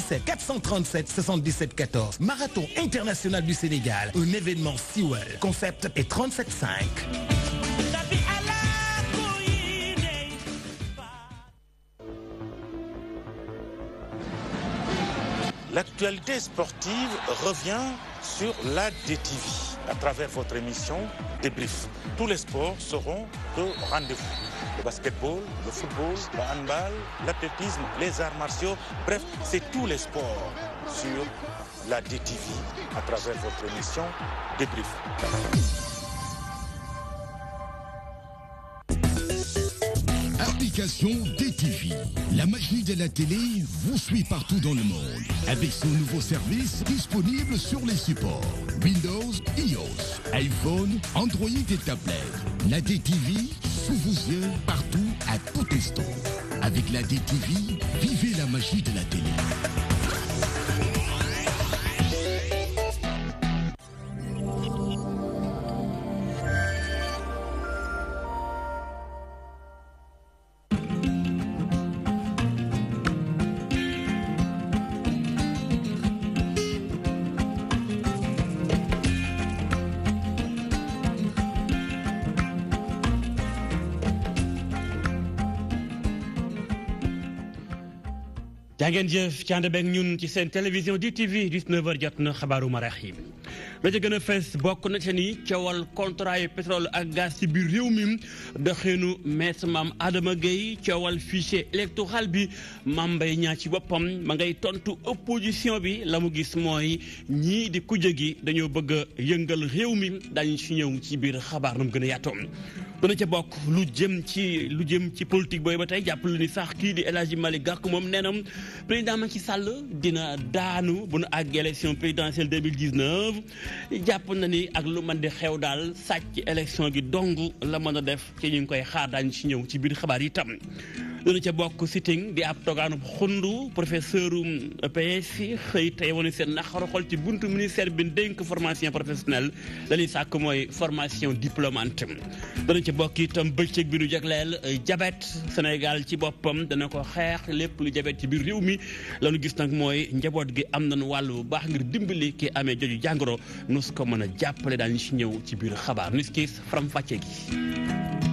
437 77 14. Marathon international du Sénégal. Un événement Sewell. Concept est 5. L'actualité sportive revient sur la DTV à travers votre émission Débrief. Tous les sports seront au rendez-vous le basketball, le football, le handball, l'athlétisme, les arts martiaux. Bref, c'est tous les sports sur la DTV à travers votre émission Débrief. Application DTV. La magie de la télé vous suit partout dans le monde avec son nouveau service disponible sur les supports Windows, iOS, iPhone, Android et tablette. La DTV sous vos yeux, partout, à tout instant. Avec la DTV, vivez la magie de la télé. yaa ngeen jëf ci ànd beeg ñun ci seen télévision du TV 19h jot na xabaaru maraîch la ca gën a bokk na ca ni coowal contrat yi pétrole ak gaz ci biir réew mi doxinu maître maam Adama Gueye coowal fichier électoral bi mam Mbaye ñaar ci boppam ma ngay tontu opposition bi la mu gis mooy ñii di kujje gi dañoo bëgg a yëngal réew mi daañu si ñëw ci biir xabaar nu mu gën a ca bokk lu jëm ci lu jëm ci politique booy ba tey jàpp lu ni sax kii di El Hadji gàkk Gakou moom nee na ma ci Sall dina daanu bu nu àgg élection présidentielle 2019 jàpp na ni ak lu mën di xew daal sàcc élection gi dong la mën a def ci ñu ngi koy xaar daañu ci ñëw ci biir xabaar yi tam dana ca bokk sitting di ab togaanub xundu professeur PS yi xëy tey wane seen na xol ci buntu ministère bi dénk formation professionnelle lañuy sàkk mooy formation diplômante dana ca bokk itam bëccëg bi nu jagleel euh, jabet Sénégal ci boppam dana ko xeex lépp lu jabet ci biir réew mi lañu gis nag mooy njaboot gi am na nañu wàll bu baax ngir dimbali ki amee joju jàngoro nu su ko mën a jàppale daal ñu ci ñëw ci biir xabaar nu si faram fàcce gi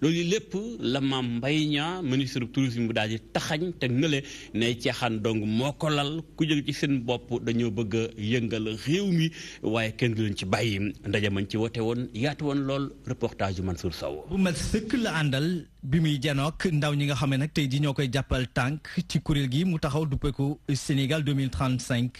loolu lépp la maam Mbaye Niang ministre tourisme bu daal taxañ te nële ne ceexaan dong moo ko lal ku jóg ci seen bopp dañoo bëgg a yëngal réew mi waaye kenn du leen ci bàyyi ndaje mañ ci wote woon yaatu woon lool reportage yu Mansour Sow bu ma sëkk la àndal bi muy janook ndaw ñi nga xam ne nag tey ji ñoo koy jàppal tànk ci kuréel gi mu taxaw duppeeku Sénégal 2035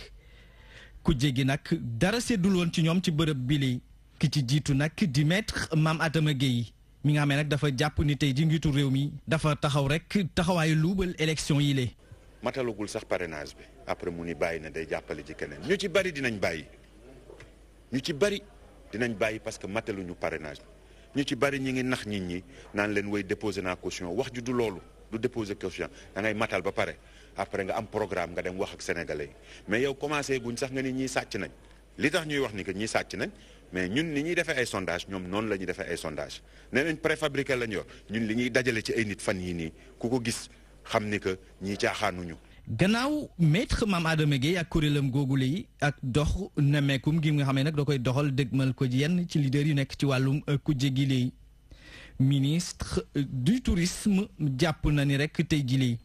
ku jéggi nag dara seddul woon ci ñoom ci bërëb bili ki ci jiitu nag di maître Mame Adama Guèye mi nga xam ne nag dafa jàpp ni tey ji njiitu réew mi dafa taxaw rek taxawaayu luubal élection yi lée matalagul sax parrainage bi après mu ni bàyyi na day jàppale ci keneen ñu ci bari dinañ bàyyi ñu ci bari dinañ bàyyi parce que mataluñu parrainage ñu ci bari ñi ngi nax nit ñi naan leen woy déposé naa caution wax ju du loolu du déposé caution da ngay matal ba pare après nga am programme nga dem wax ak sénégalais mais yow commencé guñ sax nga ni ñii sàcc nañ li tax ñuy wax ni que ñii sàcc nañ mais ñun ni ñuy defee ay sondage ñoom noonu lañu defee ay sondage nee nañ préfabriqué lañ yor ñun li ñuy dajale ci ay nit fan yii nii ku ko gis xam ni que ñii caaxaanuñu. gannaaw maître Mame Adama Guèye ak kuréelam googule yi ak dox na nemmeekum gi nga xam ne nag doo koy doxal dégmal ko yenn ci leader yu nekk ci wàllum euh, kujje gi léegi ministre euh, du tourisme jàpp na ni rek tey jii léegi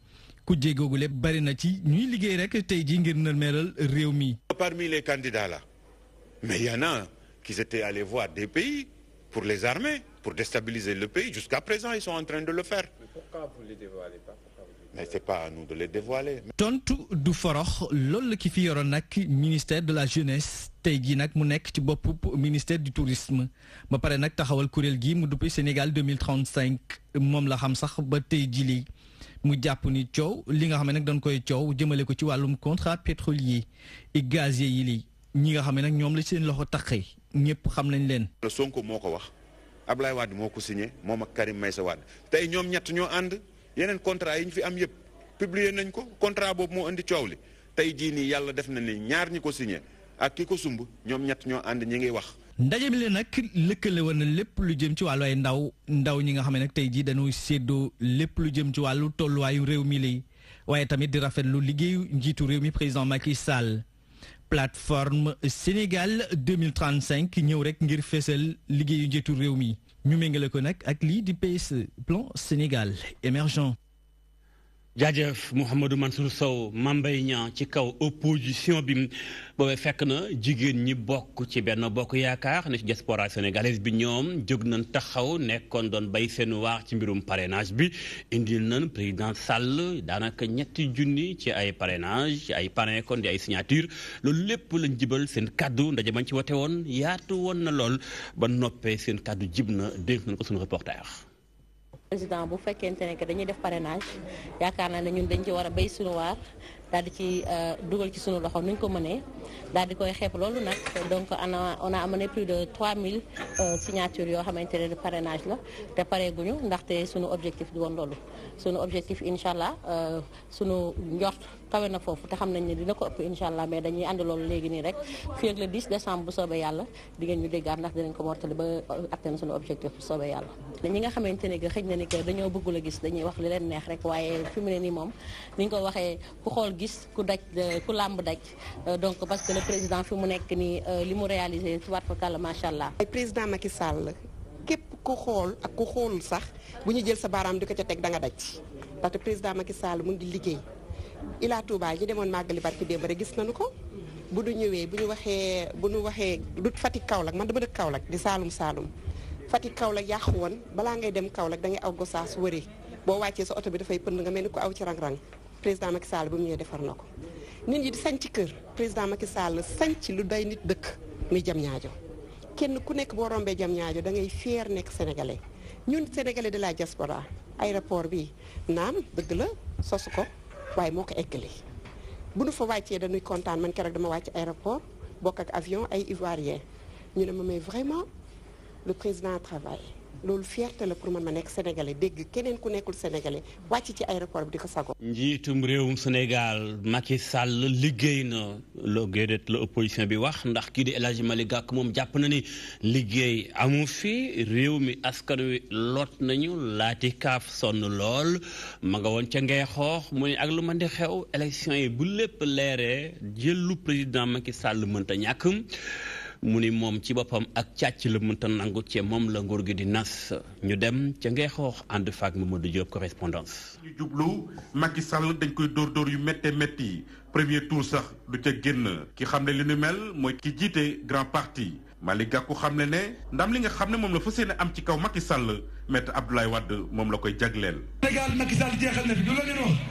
kujje googule bari na ci ñuy liggéey rek tey jii ngir na meeral réew mi. parmi les candidats là a qu'ils étaient allés voir des pays pour les armer, pour déstabiliser le pays. Jusqu'à présent, ils sont en train de le faire. Mais pourquoi vous ne les dévoilez pas mais c'est pas à nous de les dévoiler. tontu du forox loolu la fi a ministère de la jeunesse tey Nak nag mu ci bopp ministère du tourisme ba pare nag taxawal kuréel gi mu duppee Sénégal 2035 mme la xam sax ba tey jii lii mu jàpp ni coow li nga xam ne nag dañ koy coow ko ci contrat pétrolier et gazier yi lii ñi nga xam ne nag la seen loxo ñëpp xam nañ leen. Sonko moo ko wax Ablaye Wade moo ko signé moom ak Karim Meïssa Wade tey ñoom ñett ñoo ànd yeneen contrat yi ñu fi am yëpp publier nañ ko contrat boobu moo indi coow li tey jii nii yàlla def na ni ñaar ñi ko signé ak ki ko sumb ñoom ñett ñoo ànd ñi ngi wax. ndaje mi leen nag lëkkale woon na lépp lu jëm ci wàllu ndaw ndaw ñi nga xam ne nag tey jii dañoo séddoo lépp lu jëm ci wàllu tolluwaayu réew mi lii waaye tamit di rafetlu liggéeyu njiitu réew mi président Macky Sall. plateforme Sénégal 2035 ñëw rek ngir Fessel, liggéeyu njiitu Nous mi ñu méngale ko nag ak PSE plan Sénégal émergent jaajëf Mouhamadou Mansour Sow Mambay Niang ci kaw opposition bi boobee fekk na jigéen ñi bokk ci benn bokk yaakaar ne ci diaspora sénégalaise bi ñoom jóg taxaw nekkoon doon bay seen waax ci mbirum parrainage bi indil président Sall daanaka ñetti junni ci ay parrainage ci ay parrain kon di ay signature loolu lépp lañ jibal seen kaddu ndaje cadeau, ci wote woon yaatu woon na lool ba seen nañ ko reporter président bu fekkente ne que dañuy def parrainage yaakaar naa ne ñun dañ ci war a béy suñu daal di ci euh, dugal ci sunu loxo nuñ ko mënee daal di koy xeeb loolu nag donc on a amené plus de 3000 euh, signatures yoo xamante ne de parrainage la te pareeguñu ndaxte sunu objectif di woon loolu sunu objectif incha allah euh, sunu njort kawe na foofu te xam nañ ne dina ko ëpp incha allah mais dañuy ànd loolu léegi nii rek fii ak le 10 décembre bu soobee yàlla di ngeen ñu déggaat ndax dinañ ko mortali ba atteindre sunu objectif bu soobee yàlla ñi nga xamante ne que xëj na ni que dañoo a gis dañuy wax li leen neex rek waaye fi gis ku daj ku làmb daj euh, donc parce que le président fi mu nekk nii euh, li mu réalisé tubaab fakàlla macha allah. président Macky Sall képp ku xool ak ku xoolul sax bu ñu jël sa baaraam di ko ca teg da nga daj parce que président Macky Sall mu ngi liggéey Ila Touba ñu demoon màggali barki démb rek gis nañu ko. bu du ñëwee bu ñu waxee bu ñu waxee du Fatick Kaolack man dama dëkk Kaolack di Saalum Saalum Fatick Kaolack yàqu woon balaa ngay dem Kaolack da ngay aw gosaas wëri boo wàccee sa oto bi dafay pënd nga mel ko aw ci rang-rang président Macky Sall ba mu ñëwee defar na ko nit ñi di ci kër président Macky Sall sanc lu doy nit dëkk muy jam ñaajo kenn ku nekk boo rombee jam ñaajo da ngay fier nekk sénégalais ñun sénégalais de la diaspora aéroport bi naam dëgg la sosu ko waaye moo ko eggali bu nu fa wàccee dañuy kontaan man keroog dama wàcc aéroport bokk ak avion ay ivoirien ñu ne ma mais vraiment le président travaille loolu fierté la pour man ma nekk sénégalais dégg keneen ku nekkul sénégalais wàcc ci aéroport bi di ko sago njiitum réewum Sénégal Macky sàll liggéey na loo géedeet la opposition bi wax ndax kii di El Hadji Malick Gakou moom jàpp na ni liggéey amu fi réew mi askan wi lot nañu laati kaaf sonn lool ma nga woon ca ngeexoox mu ne ak lu mën di xew élection yi bu lépp leeree lu président Macky sàll mënta ñàkk mu ni moom ci boppam ak càcc la mënta nangu ci moom la nguur gi di nas ñu dem ca Ngeexoox ànd faak Mamadou Diop correspondance. ñu jublu Macky Sall dañ koy dóor dóor yu méttee métti premier tour sax du ca génn ki xam ne li ni mel mooy ki jiite grand parti Malick Gakou xam ne ne ndam li nga xam ne moom la fa am ci kaw Macky Sall maître Abdoulaye Wade moom la koy jagleel. Sénégal Macky Sall jeexal na fi du la ngeen wax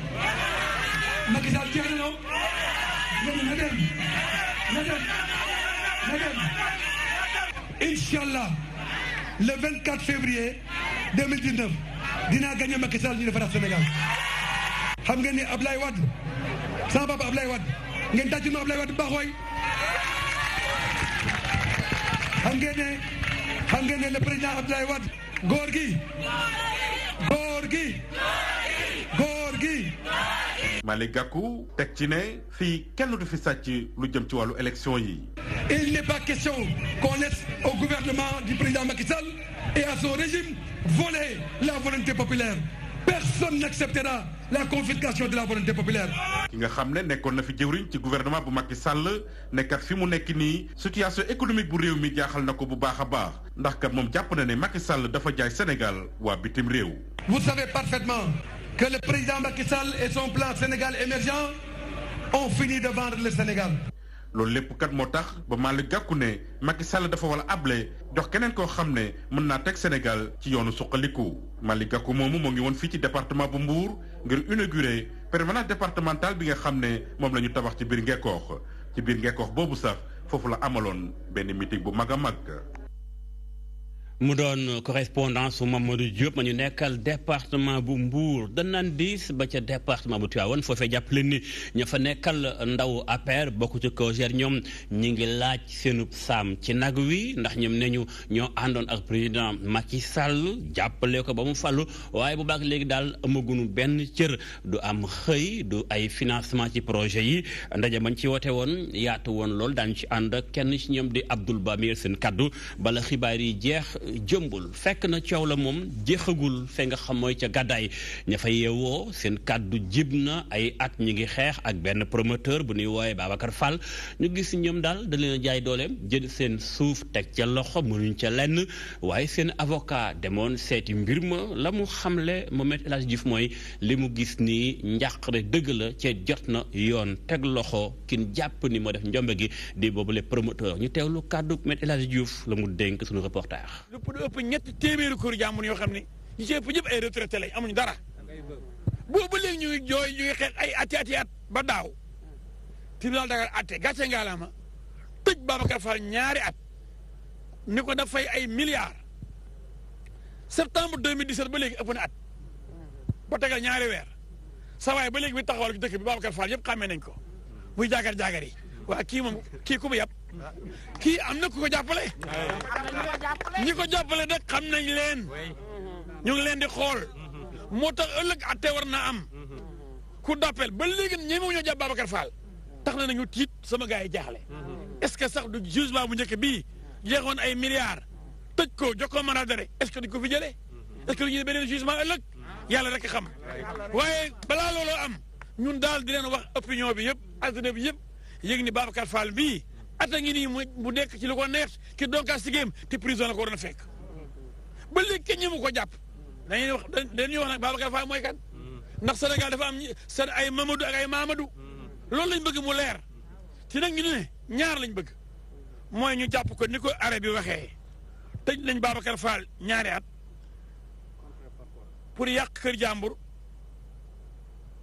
Macky Sall jeex na ñoo na Inch'Allah, le 24 février 2019, dina gagné Macky Sall ñu Sénégal xam ngeen ni Ablaye papa Ablaye Wad. ma Ablaye Wad, bu le président Ablaye Wad, Gorgi, Gorgi, Gorgi. Malick Gakou Tektine, ci ne fii kenn du fi sàcc lu jëm ci walu élection yi. il n'est pas question qu'on laisse au gouvernement du président Macky Sall et à son régime voler la volonté populaire personne n'acceptera la confiscation de la volonté populaire. ki nga xam ne na fi jëwriñ ci gouvernement bu Macky Sall nekkat fi mu nekk nii situation économique bu réew mi jaaxal nako bu baax a baax ndax kat mom japp na ne Macky Sall dafa jaay Sénégal wa bitim réew. vous savez parfaitement que le président Macky Sall et son plan Sénégal émergent ont fini de vendre le Sénégal. loolu lépp kat moo tax ba Malick Gakou ne Macky Sall dafa wala a able jox keneen koo xam ne mën naa teg Sénégal ci yoonu suqaliku Malick Gakou moomu moo ngi woon fii ci département bu Mbour ngir inaugurer permanence départementale bi nga xam ne moom la ñu tabax ci biir Ngekoox ci biir Ngekoox boobu sax foofu la amaloon benn meeting bu mag a mag. mu doon correspondance su Mamadou Diop ma ñu nekkal département bu Mbour danaan diis ba ca département bu Tivaouane foofee jàpp leen ni ña fa nekkal ndaw APR bokku ci COJER ñoom ñi ngi laaj seenub saam ci nag wi ndax ñoom ne ñu ñoo ak président Macky Sall jàppale ko ba mu fàllu waaye bu baax léegi daal amagunu benn cër du am xëy du ay financement ci projet yi ndaje mañ ci yaatu lool ci kenn ci di Abdul Bamir seen kaddu bala jeex jëmbul fekk na coow la moom jeexagul fe nga xam mooy ca gàddaay ña fa yeewoo seen kàddu jib na ay at ñi ngi xeex ak benn promoteur bu ñuy wooye Babacar Fall ñu gis ñoom daal da leen jaay dooleem jël seen suuf teg ca loxo mënuñ ca lenn waaye seen avoca demoon seeti mbir ma la mu xamle Mohamed El Hadji Diouf mooy li mu gis nii njàqare dëgg la cee jot na yoon teg loxo kin jàpp ni moo def njombe gi di boobu le promoteur ñu teewlu kàddu Mohamed El Hadji Diouf la mu dénk suñu lu ëpp ñetti téeméeri kër jàmbur yoo xam ne ñu ci ëpp ñëpp ay retraité lañ amuñu dara boobu ba léegi ñu ngi jooy ñu ngi xeex ay ati ati at ba daaw tribunal Dakar atte gàcce ngaalaama tëj Babacar Fall ñaari at ni ko da fay ay milliards septembre 2017 ba léegi ëpp na at ba tegal ñaari weer sa waay ba léegi bi taxawal ci dëkk bi Babacar Fall yëpp xàmmee nañ ko muy jaagar jaagar yi waa kii moom kii ku mu yàpp kii am na ku ko jàppale. ñi ko jàppale nag xam nañ leen. ñu ngi leen di xool. moo tax ëllëg atte war naa am. cour d'appel ba léegi ñemewuñu jàpp Babacar Fall. tax na nañu tiit sama gars yi jaaxle. est-ce que sax du jugement bu njëkk bi jeexoon ay milliards. tëj ko jox ko mandat d'arrêt est-ce ko fi jëlee. est-ce que du ñuy beneen jugement ëllëg. yàlla rek xam. waaye balaa looloo am. ñun daal di leen wax opinion bi yëpp adduna bi yëpp yëg ni Babacar Fall bii. ata ngi nii mu dekk ci lu ko neex ki donkaas sigéem te prison la ko waroon a fekk ba léegi kenn ñëmu ko jàpp dañuy wax dañuy wax nag Babacar Fall kan ndax Sénégal dafa am seen ay Mamadou ak ay Mamadou loolu lañ bëgg mu leer ci nag ñaar lañ bëgg mooy ñu jàpp ko ni ko arrêt bi waxee tëj nañ Babacar Fall ñaari at pour yàq kër jàmbur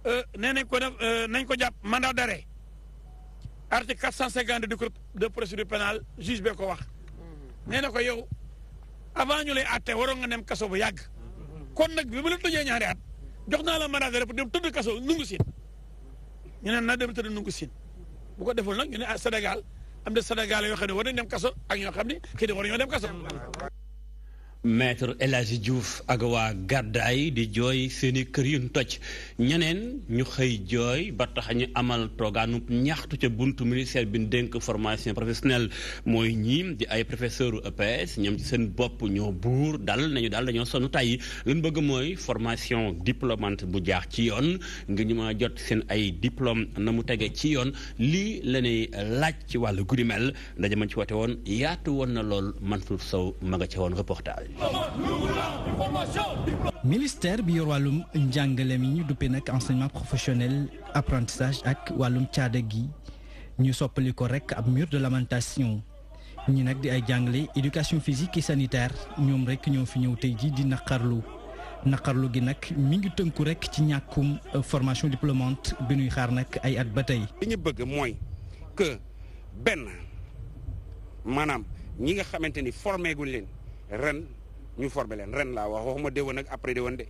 euh, nee nañ ko def euh, nañ ko jàpp mandat d'arrêt article 452 du code de procédure pénale juge bee ko wax mm-hmm. nee na ko yow avant ñu lay atte waroon nga dem kaso bu yàgg mm-hmm. kon nag bi ma la tëjee ñaari at jox naa la mandat de dem tëdd kaso nungu siin ñu ne na dem tëdd nungu siin bu ko deful nag ñu ne ah Sénégal am na Sénégal yoo xam ne war nañ dem kaso ak ñoo xam ne xëy na ñoo dem kaso maître El Hadji ak waa gàddaay di jooy seeni kër yuñ toj ñeneen ñu xëy jooy ba tax ñu amal toogaanu ñaxtu ca buntu ministère bi dénk formation professionnelle mooy ñii di ay professeur EPS ñoom seen bopp ñoo buur dal nañu daal dañoo sonn tàyyi luñ bëgg mooy formation diplômante bu jaax ci yoon ngir ñu ma jot seen ay diplôme na mu tege ci yoon lii la ñuy laaj ci wàllu guddi mel ndaje ma ci woote woon yaatu woon na lool Mansour Sow ma nga ca woon reportage ministère bi yor wàllum njàngale mi ñu duppe nag enseignement professionnel apprentissage ak wàllum caada gi ñu soppaliko rek ab mur de lamentation ñi nag di ay jàngale éducation physique et sanitaire ñoom rek ñoo fi ñëw tey ji di naqarlu naqarlu gi nag mi ngi tënku rek ci ñàkkum euh, formation diplômante bi ñuy xaar nag ay at ba tey. li ñu bëgg mooy que benn maanaam ñi nga xamante ni formé guñ leen ren. ñu former leen ren laa wax waxuma déwén ak après déwén de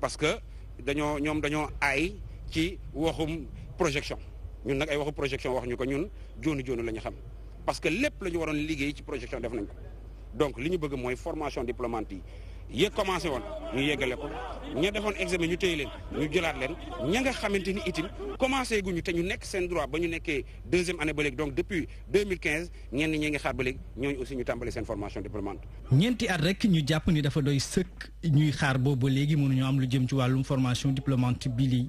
parce que dañoo ñoom dañoo aay ci waxum projection ñun nag ay waxu projection wax ñu ko ñun joonu joonu la ñu xam parce que lépp la ñu waroon liggéey ci projection def nañ donc li ñu bëgg mooy formation diplômante yi yéeg commencé woon ñu yeggale ko ña defoon examen ñu téye leen ñu jëlaat leen ña nga xamante ni itam commencé guñu te ñu nekk seen droit ba ñu nekkee deuxième année ba léegi donc depuis 2015 ñenn ngi nga xaar ba léegi ñu tàmbali seen formation diplômante. ñeenti at rek ñu jàpp ni dafa doy sëkk ñuy xaar boobu ba léegi mënuñu am lu jëm ci wàllum formation diplômante bii lii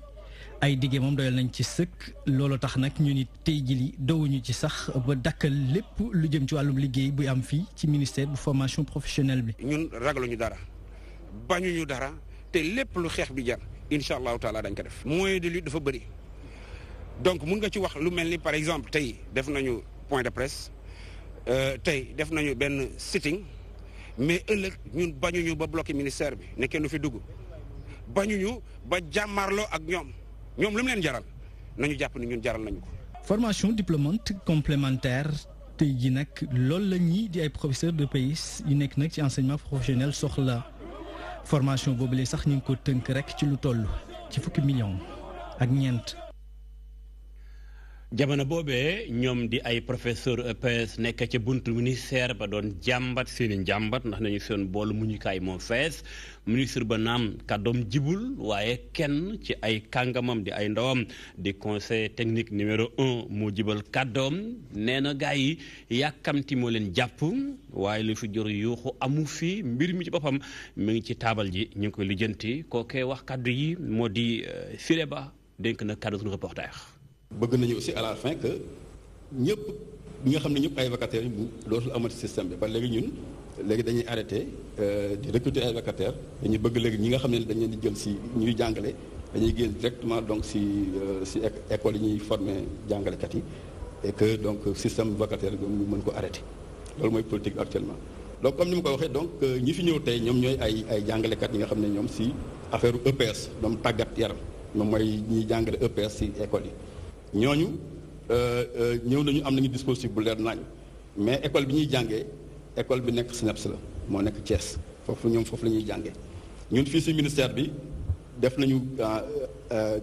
ay diggé moom doyal nañ ci sëkk loolu tax nag ñu ni tey jii li dowuñu ci sax ba dakkal lépp lu jëm ci wàllum liggéey buy am fii ci ministère bu formation professionnelle bi. ñun ragaluñu dara. bañuñu dara te lépp lu xeex bi jar incha allahu taala dañ ko def. moyen de lutte dafa bëri donc mun nga ci wax lu mel ni par exemple tey def nañu point de presse euh, tey def nañu benn sitting mais ëllëg ñun bañuñu ba bloqué ministère bi ne kenn fi dugg bañuñu ba jàmmarloo ak ñoom ñoom lu mu leen jaral nañu jàpp ni ñun jaral nañu ko. formation diplômante complémentaire. tey jii nag loolu la ñii di ay professeurs de pays yu nekk nag ci enseignement professionnel soxla formation boobule sax ñu ngi ko tënk rek ci lu toll ci fukki million ak ñeent jamono boobee ñoom di ay professeur EPS nekkee ca buntu ministère ba doon jàmbat seen i ndax nañu seen bool muñukaay moo fees ministre ba naam kàddoom jibul waaye kenn ci ay kàngamam di ay ndawam di conseil technique numéro un moo jibal kàddoom nee na gars yi yàkkamti moo leen jàpp waaye lu fi jor yuuxu amu fi mbir mi ci boppam mu ngi ci taabal ji ñu ngi koy lijjanti kookee wax kàddu yi moo di euh, Siré Ba dénk na kàddu suñu reporter bëgg nañu aussi à la fin que ñëpp ñi nga xam ne ñëpp ay vacataires bu dootul amati système bi ba léegi ñun léegi dañuy arrêté euh, di recruter ay vacataires dañuy bëgg léegi ñi nga xam ne dañ leen di jël si ñuy jàngale dañuy génn directement donc si euh, si école yi ñuy former jàngalekat yi et que donc système vacataire bi ñu mën ko arrêté loolu mooy politique actuellement. donc comme ni ma ko waxee donc euh, ñi fi ñëw tey ñoom ñooy ay ay jàngalekat yi nga xam ne ñoom si affaire EPS ñoom tàggat yaram ñoom mooy ñiy jàngale EPS si école yi ñooñu euh, euh, ñëw nañu am nañu dispositif bu leer nañ mais école bi ñuy jàngee école bi nekk SNEIPS la moo nekk Thiès foofu ñoom foofu la ñuy jàngee ñun fii si ministère bi def nañu euh,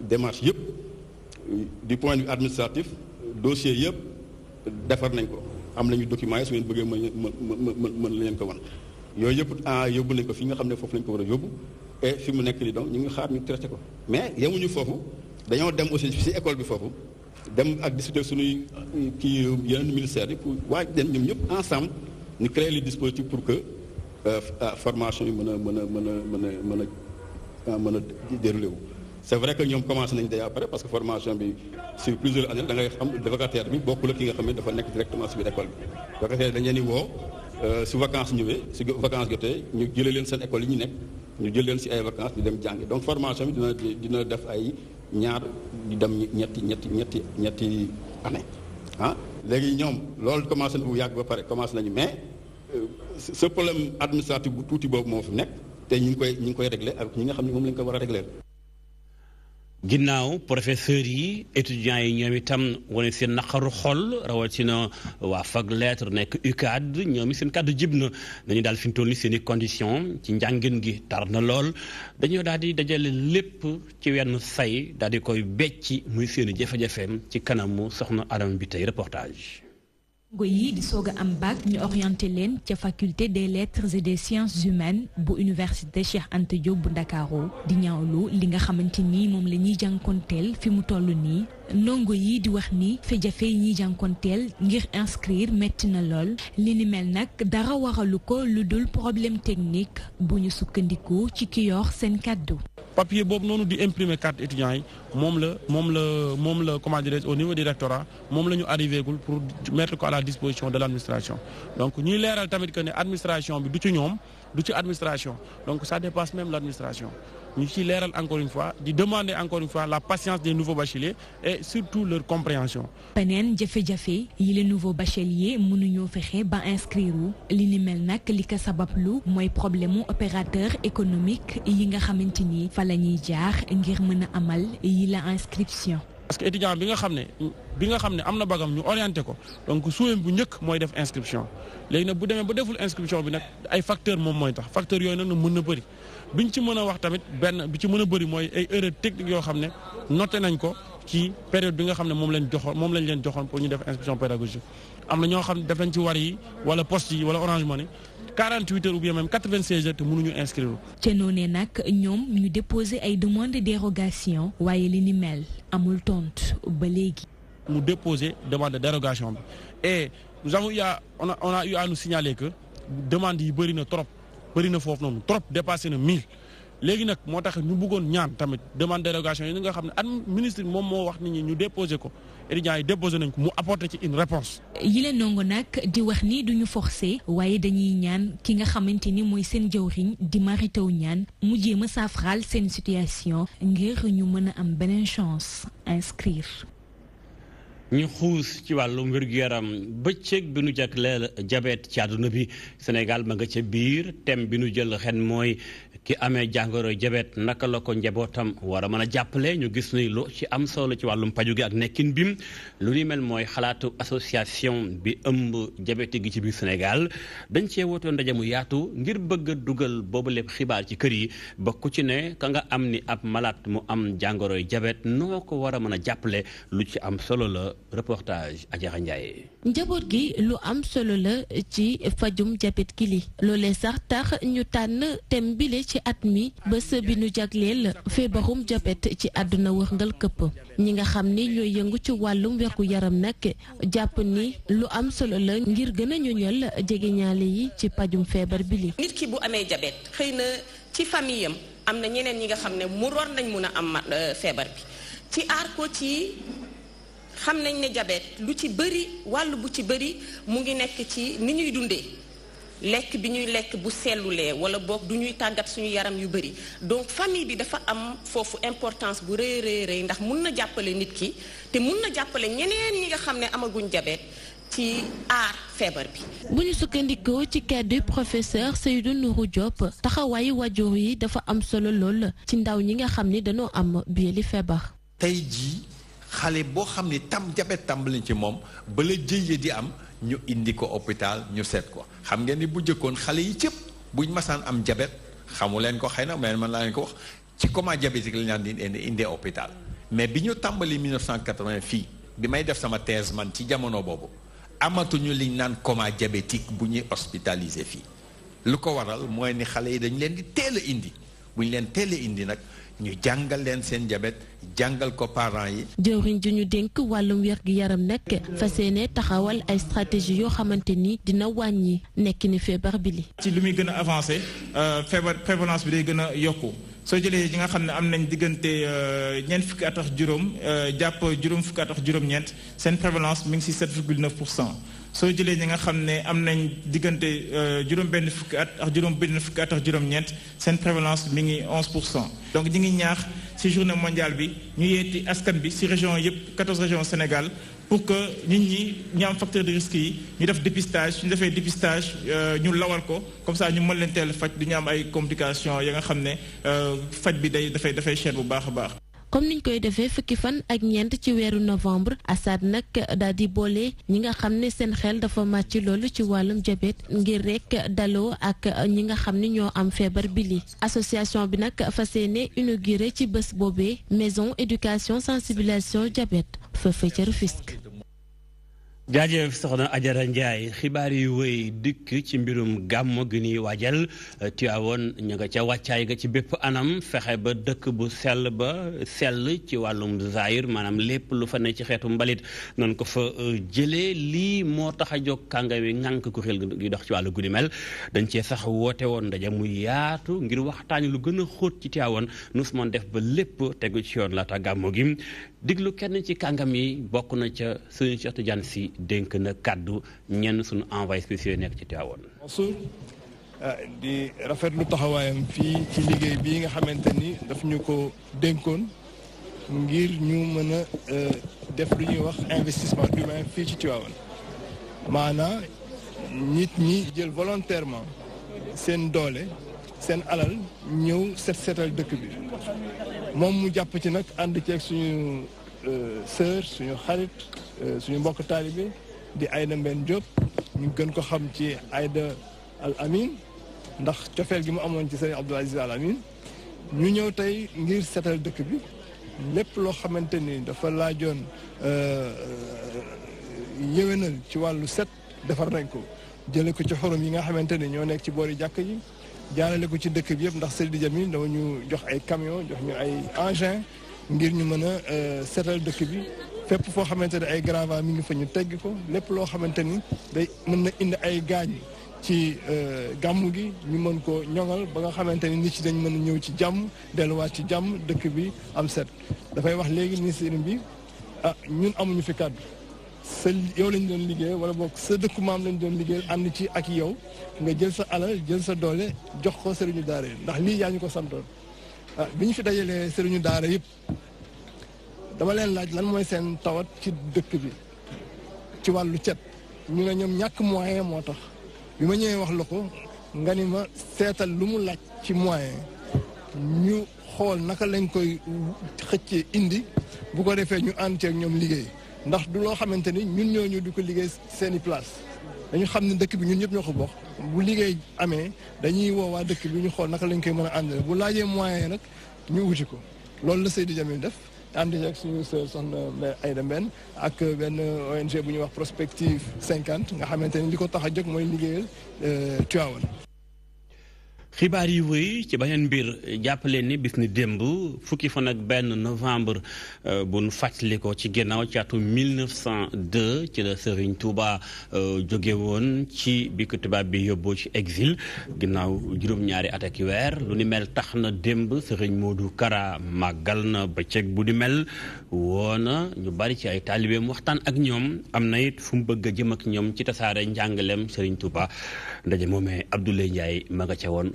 démarche yëpp du point de vue administratif dossier yëpp defar nañ ko am nañu documents yi su ngeen bëggee mën mën mën leen ko wan yooyu yëpp ah, yóbbu nañ ko fi nga xam ne foofu lañ ko war a yóbbu et fi mu nekk nii donc ñu ngi xaar ñu traité ko mais yemuñu foofu dañoo dem aussi si école bi foofu dem ak discuter suñuy kii yeneen ministères yi pour waaj dem ñoom ñëpp ensemble ñu créer le dispositif pour que euh, formation yi mën a mën a mën a mën a mën a ah, déroulé wu. c' est vrai que ñoom commencé nañ déjà pare parce que formation bi sur plusieurs années da ngay xam vacataire bi bokkul ak ki nga xam ne dafa nekk directement si biir école bi. vacataire dañ leen di woo euh, su vacance ñëwee su vacances jotee ñu jëlee leen seen école yi ñu nekk ñu jël leen si ay vacances ñu dem jàngi donc formation bi dina dina def ay. ñaar di dem ñetti ñetti ñetti ñetti année ah léegi ñoom loolu commencé na bu yàgg ba pare commencé nañu mais euh, ce problème administratif bu tuuti boobu moo fi nekk te ñu ngi koy ñu ngi koy réglé ak ñi nga xam ne moom la ñu ko war a réglé ginnaaw professeur yi étudiants yi ñoom itam wane seen naqaru xol rawatina waa fag lettre nekk UCAD ñoomi seen kàddu jib na dañu daal fi mu toll nii seen i condition ci njàngin gi tar na lool dañoo daal di dajale lépp ci wenn say daal di koy becci muy seen i jafe-jafeem ci kanamu soxna Adam bi tey reportage go yi di soog a am bac ñu orienté leen ca faculté des lettres et des sciences humaines bu université Cheikh Anta Diop bu Ndakaaru di ñaawlu li nga xamante ni moom la ñuy jànkonteel fi mu toll nii ndongo yi di wax ni fa jafe yi ñuy ngir inscrire métti na lool li ni mel nag dara waralu ko problème technique bu ñu sukkandiku ci ki seen kàddu papier nous nonu di imprimer carte étudiant, yi la mom la au niveau du rectorat nous la pour mettre à la disposition de l'administration. donc ñuy léral tamit que ne administration bi du ci du administration donc ça dépasse même l'administration ñu ci leeral encore une fois di demander encore une fois la patience des nouveaux bacheliers et surtout leur compréhension. Penen jafe-jafe yi nouveau nouveaux bacheliers mënuñoo fexe ba inscrire li ni mel nag li ko lu mooy problème opérateur économique yi nga xamante ni fa la ñuy jaar ngir mën a amal yi la inscription. parce que étudiant bi nga xam ne bi nga xam ne am na bagam ñu orienté ko donc suweem bu njëkk mooy def inscription léegi nag bu demee ba deful inscription bi nag ay facteur moom mooy tax facteur yooyu nag mën na bëri buñ ci mën a wax tamit benn bi ci mën a bëri mooy ay erreur technique yoo xam ne noté nañ ko ci période bi nga xam ne moom lañ joxoon moom lañ leen joxoon pour ñu def inspection pédagogique am na ñoo xam ne def nañ ci war yi wala poste yi wala Orange Money 48 heures ou bien même 96 heures te mënuñu inscrire. ca noonee nag ñoom ñu déposé ay demande dérogation waaye li ni mel amul tontu ba léegi. mu déposé demande de dérogation bi et nous avons eu à on a on a eu à nous signaler que demande yi bëri na trop bëri na foofu noonu trop dépassé na 1000 léegi nak moo tax ñu bëggoon ñaan tamit demande dérogation yi nga xam ne ad ministre moom moo wax nit ñi ñu déposé ko étudiants yi déposé nañ ko mu apporté ci une réponse yi leen nongo nag di wax ni duñu forcé waaye dañuy ñaan ki nga xamante ni mooy seen jawriñ di Mary Teuw Niane mu jéem a saafaraal seen situation ngir ñu mën a am beneen chance inscrire ñu xuus ci wàllum wér-gu-yaram bëccëg bi nu jagleel diabète ci àdduna bi Sénégal ma nga ca biir thème bi nu jël xen mooy ki amee jàngoro diabète naka la ko njabootam war a mën a jàppale ñu gis ni ci am solo ci wàllum paju gi ak bim lu ni mel mooy xalaatu association bi ëmb diabète gi ci biir Sénégal dañ cee wootoo ndaje mu yaatu ngir bëgg a dugal boobu lépp xibaar ci kër yi ba ci ne ka nga am ni ab malade mu am jàngoroy diabète noo ko war a mën a jàppale lu ci am solo la reportage Adjara Ndiaye. njaboot gi lu am solo la ci fajum jabet ki li loole sax tax ñu tànn thème bile ci at mi ba bi jagleel feebarum jabet ci àdduna wërngal këpp ñi nga xam ni ñooy yëngu ci wàllum wergu yaram nag jàpp ni lu am solo la ngir gën a ñoñal jegeñaale yi ci pajum feebar bi bile. nit ki bu amee jabet xëy na ci famille am am na ñeneen ñi nga xam ne mu roon nañ mën a am euh, feebar bi ci aar ko ci. xam nañ ne diabète lu ci bëri wàll bu ci bëri mu ngi nekk ci ni ñuy dunde lekk bi ñuy lekk bu sellulee wala boog du ñuy tàggat suñu yaram yu bëri donc famille bi dafa am foofu importance bu rëy rëy ndax mun na jàppale nit ki te mun na jàppale ñeneen ñi nga xam ne amaguñ diabète ci aar feebar bi. bu ñu sukkandikoo ci kàddu professeur Seydou Nourou Diop taxawaayu wajur yi dafa am solo lool ci ndaw ñi nga xam ni dañoo am bieli feebar. tey jii. xale boo xam ni tam jabet tàmbali ci moom bala jëye di am ñu indi ko hôpital ñu seet ko xam ngeen ni bu jëkkoon xale yi cëpp buñ masaan am jabet xamu leen ko xëy na mais man laa leen ko wax ci coma diabétique la ñu daan indi indee hôpital mais bi ñu tàmbali 1980 fii bi may def sama thèse man ci jamono boobu amatuñu liñ naan coma diabétique bu ñu hospitalisé fii lu ko waral mooy ni xale yi dañu leen di teel a indi bu ñu leen teel a indi nag ñu jàngal leen seen jabet jàngal ko parents yi. jëwriñ ji ñu dénk wàllum wér gi yaram nag fas seenee taxawal ay stratégie yoo xamante nii dina wàññi nekk ni feebar bi li. ci lu muy gën a avancé euh, feebar prévalence bi day gën a yokku soo jëlee yi nga xam ne am nañ diggante euh, ñeent fukki at ak juróom euh, jàpp juróom fukki at ak juróom-ñeent seen prévalence mi ngi si 7,9 pour cent. soo jëlee ñi nga xam ne am nañ diggante euh, juróom-benn fukki at ak juróom-benn fukki at ak juróom-ñeent seen prévalence mi ngi 11 pour cent. donc ñi ngi ñaax ci journée mondiale bi ñu yeeti askan bi ci région yëpp 14 régions Sénégal pour que nit ñi ñu am facteur de risque yi ñu def dépistage ñu defee dépistage euh, ñu lawal ko comme ça ñu mën leen teel faj du ñu am ay complications ya nga xam ne euh, faj bi day dafay dafay cher bu baax a baax comme niñ koy defee fukki fan ak novembre Assad nak daal di nous ñi nga xamné seen xel dafa jabet ngir ak ñi nga association bi nak inauguré ci bobé, maison éducation sensibilisation jabet jaajëf soxna Ajara Ndiaye xibaar yu wéy dikk ci mbirum gàmmo gi nuy waajal Tiwaawoon ñu nga ca wàccaay ga ci bépp anam fexe ba dëkk bu sell ba sell ci wàllum zahir maanaam lépp lu fa ne ci xeetu mbalit noonu ko fa euh, jëlee lii moo tax a jog kànga wi ŋànk ku xel gi dox ci wàllu guni mel dañ cee sax woote woon ndaje mu yaatu ngir waxtaan lu gën a xóot ci Tiwaawoon nu su mën def ba lépp tegu ci yoon laata gàmmo gi diglu kenn ci kàngam yi bokk na ca sëriñ Cheikh Tidiane si dénk na kàddu ñenn suñu envoyé spéciaux nekk ci Tivaouane. Ah, di lu taxawaayam fii ci liggéey bii nga xamante ni daf ñu ko dénkoon ngir ñu mën a eh, def lu ñuy wax investissement humain fii ci Tivaouane maanaam nit ñi jël volontairement seen doole. seen alal ñëw set seetal dëkk bi moom mu jàpp ci nag ànd ceeg suñu euh, sœur suñu xarit euh, suñu mbokk taalibe di Aïda mbenn Diop ñu gën ko xam ci Aïda Al ndax cofeel gi mu amoon ci sëriñ Abdoul Aziz Al ñu ñëw tey ngir seetal dëkk bi lépp loo xamante ni dafa laajoon euh, yéwénal ci wàllu set defar nañ ko jële ko ci xorom yi nga xamante ni ñoo nekk ci boori jàkk yi jaarale ko ci dëkk bi yëpp ndax Seydou Diame dama ñu jox ay camion jox ñu ay engin ngir ñu mën a euh, seetal dëkk bi fépp foo xamante ne ay gravats mi ngi fa ñu tegg ko lépp loo xamante ni day mën na indi ay gaañ ci euh, gàmmu gi ñu mën ko ñoŋal ba nga xamante ni nit ci dañ mën a ñëw ci jàmm delluwaat ci jàmm dëkk bi am set dafay wax léegi ni sëriñ bi ah ñun amuñu fi kàddu sa yow lañ doon liggéey wala boog sa dëkku maam lañ doon liggéey ànd ci ak yow nga jël sa alal jël sa doole jox ko sëriñu daara yi ndax lii yaa ñu ko santoon ah bi ñu fi dajalee sëriñu daara yëpp dama leen laaj lan mooy seen tawat ci dëkk bi ci wàllu cet ñu ne ñoom ñàkk moyen moo tax bi ma ñëwee wax la ko nga ni ma seetal lu mu laaj ci moyen ñu xool naka lañ koy xëccee indi bu ko defee ñu ànd ceeg ñoom liggéey ndax du loo xamante ni ñun ñooñu du ko liggéey seen i place dañu xam ne dëkk bi ñun ñëpp ñoo ko bokk bu liggéey amee dañuy woo dëkk bi ñu xool naka lañ koy mën a àndale bu laajee moyen nag ñu wuti ko loolu la di Jamil def ànd ak suñu sœur soxna euh, Aïda Mbène ak euh, benn ONG bu ñuy wax prospective 50 nga xamante ni li ko tax a jóg mooy liggéeyal euh, Tivaouane xibaar yi wéy ci beneen mbir jàppaleen ni bis ni démb fukki fan ak benn novembre euh, bu nu fàttali ko ci ginnaaw ci atum 1902 ci la Serigne Touba euh, jóge woon ci bi tubaab bi yóbboo ci exil ginnaaw juróom-ñaari at lu ni mel tax na démb Serigne Modou Kara màggal na bëccëg bu ni mel woona ñu bari ci ay taalibeem waxtaan ak ñoom am na it fu mu bëgg jëm ak ñoom ci tasaare njàngaleem Serigne Touba ndaje moomee Abdoulaye Ndiaye ma nga woon.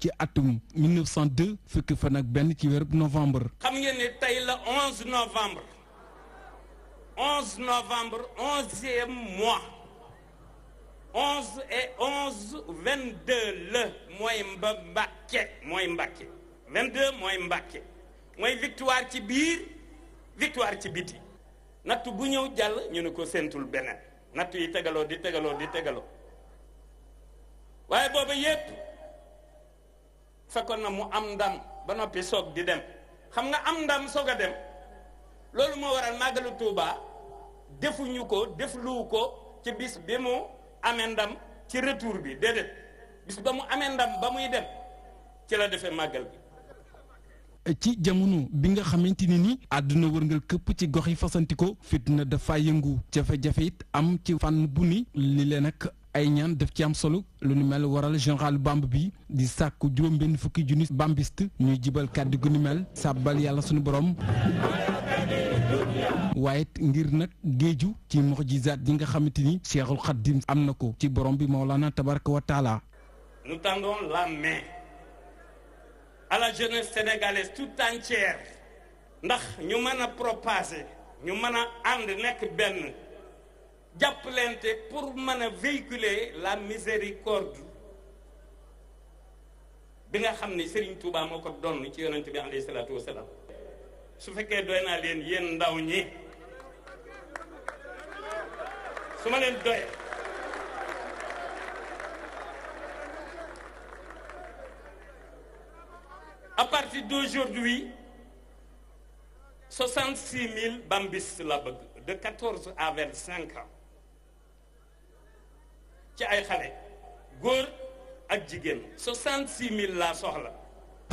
ci atum 1902 fukki fan ak ci novembre. xam ngeen ne la 11 novembre 11 novembre 11e mois 11 et 11 22 le mooy mba moy mooy 22 moy mbaké moy victoire ci bir victoire ci biti nattu bu ñew jall ñu ne ko sentul beneen nattu yi tegaloo di tegaloo di waye bobu fekkoon na mu am ndam ba noppi soog di dem xam nga am ndam soog a dem loolu moo waral màggalu Tuuba defuñu ko def luwu ko ci bis bi mu amee ndam ci retour bi déedéet bis ba mu amee ndam ba muy dem ci la defe màggal bi ci jamono bi nga xamante ni ni àdduna wërngal këpp ci gox yi fasanti ko fitna dafa yëngu jafe-jafe it am ci fànn bu ni li leen nag ay ñaan def ci am solo lu nu mel waral général bamb bi di sàkku juróom benn fukki junni bambiste ñuy jibal kàddu gu nu mel sàbbal yàlla sunu borom waaye ngir nag géeju ci moxjizaat yi nga xamante ni Cheikhul Khadim am na ko ci borom bi Mawlana tabaraka wa taala nous tendons la main à la jeunesse sénégalaise tout entière ndax ñu mën a propager ñu mën a ànd nekk benn diaplenté pour me véhiculer la miséricorde. Bien que hamne sering tu ba moko don ni chiyon tu bi alayhi salatu wasalam. Sufeke doy na lien yen À partir d'aujourd'hui, 66 000 bambis de 14 à 25 ans. ci ay xale góor ak jigéen 66000 laa soxla.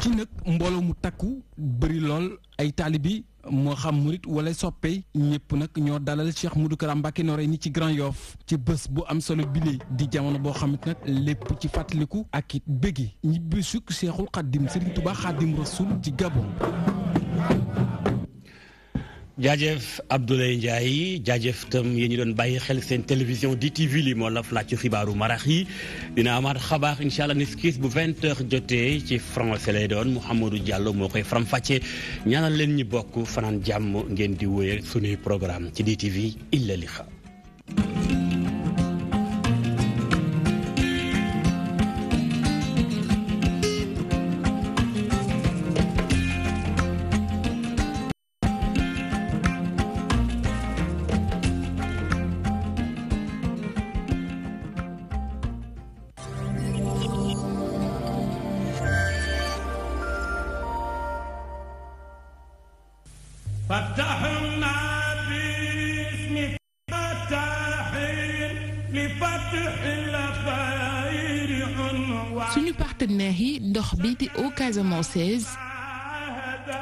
ci nag mbooloo mu takku bëri lool ay taalibi moo xam murit wala soppe ñëpp nag ñoo dalal Cheikh Modou Kara Mbacké Noreyni ci Grand Yoff ci bés bu am solo bile di jamono boo xamit nag lépp ci fàttaliku ak it bëggi ñibbi sukk Seexul Xaddim Sëriñ Tuubaa Xaddim Rasul ci Gabon jaajëf Abdoulaye Ndiaye jaajëf tam yéen ñu doon bàyyi xel seen télévision DTV li moo laf laaj ci xibaaru marax yi dina amaat xabaar incha allah niskis bu 20 heures jotee ci français lay doon Mouhamadou Diallo moo koy faram-fàccee ñaanal leen ñi bokk fanaan jàmm ngeen di wéyal sunuy programme ci DTV illa lixa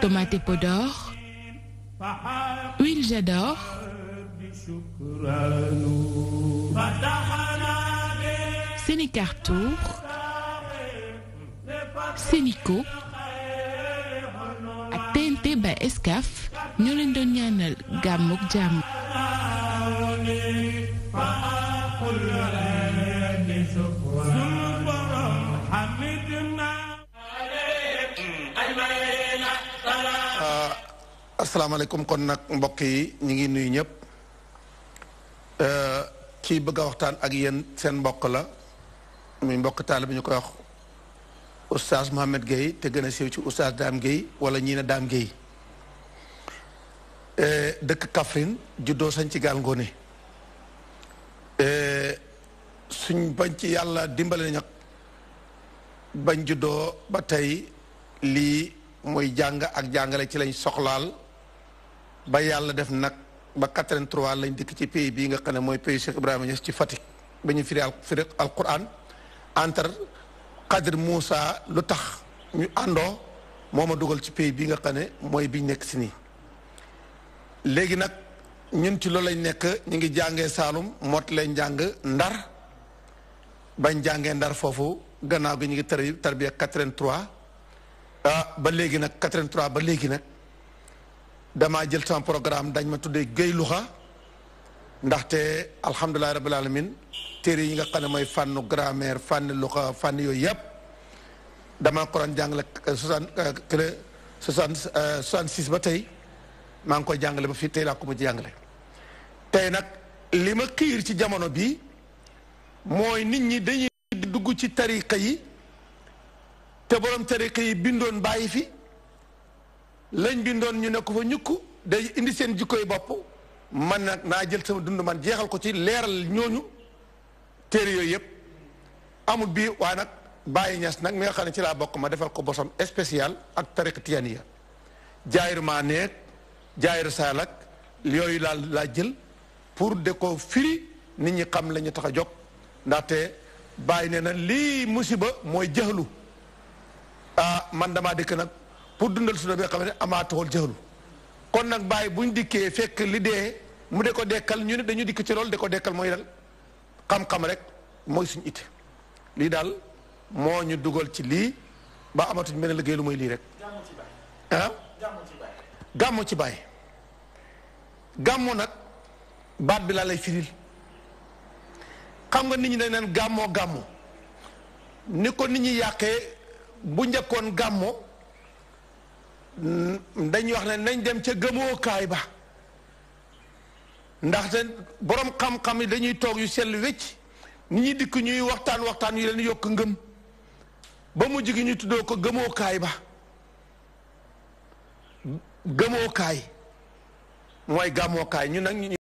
tomate podor, huile j'adore, Sénicartour, Sénico, ak TNT ba Escaf ñoo gamuk jam. Assalamualaikum kon nag mbokk yi ñu ngi nuyu ñëpp euh, kii bëgg a waxtaan ak yéen seen mbokk la muy mbokk Dam bi ñu koy wax oustaz Mohamed Gueye te gën a siiw ci oustaz Dame Gueye wala ñii ne Dame Gueye euh, dëkk Kaffrine juddoo sañ ci euh, suñ bañ ci bañ ba ak ci lañ soxlaal ba yàlla def nag ba 83 lañ dikk ci pays bii nga xam ne mooy pays Cheikh Ibrahima Niass ci Fatick ba ñu firi al firi alquran entre Xadir Moussa lu tax ñu àndoo moo ma dugal ci pays bii nga xam ne mooy biñ nekk si nii. léegi nag ñun ci loolu lañ nekk ñu ngi jàngee Saalum moot leen jàng Ndar bañ jàngee Ndar foofu gannaaw gi ñu ngi tarbiya 83 ah ba léegi nag 83 ba léegi nag. dama jël sama programme dañ ma tuddee géy luxa ndaxte alhamdulilahi rabil alamin téere yi nga xam ne mooy fànnu grammaire fànn luxa fànn yooyu yëpp dama ko doon jàngale euh, soixante euh, soixante euh, six ba tey maa ngi koy jàngale ba fii tey laa ko mujj jàngale tey nag li ma ci jamono bi mooy nit ñi dañuy dugg ci tariqa yi te borom tariqa yi fi lañ bindoon ñu ne ko fa ñukk day indi seen jikkoy bopp man nag naa jël sama dund man jeexal ko ci leeral ñooñu téere yooyu yëpp amul bii waaye nag bàyyi ñas nag mi nga xam ci laa bokk ma defal ko bosam spécial ak tariqa tiyaniya jaayir maa neeg jaayir saalak yooyu laa laa jël pour de ko firi nit ñi xam la ñu tax lii musiba mooy jëxlu ah man kena pour dundal su bi nga xam ne amaatuwul jëxlu kon nag bàyyi buñ dikkee fekk li dee mu de ko dekkal ñu ne dañu dikk ci loolu de ko dekkal mooy dal xam-xam rek mooy suñu it lii daal moo ñu dugal ci lii ba amatuñ beneen liggéey lu mooy lii rek ah ci bàyyi gàmmoo nag baat bi laa lay firil xam nga nit ñi dañ naan gàmmoo gàmmu ni ko nit ñi yàqee bu njëkkoon gàmmoo dañ wax ne nañ dem ca gëmookaay ba ndaxte boroom xam-xam yi dañuy toog yu sell wecc ni ñuy dikk ñuy waxtaan waxtaan yu leen yokk ngëm ba mu jigi ñu tuddoo ko gëmookaay ba gëmookaay mooy gàmmookaay ñu nag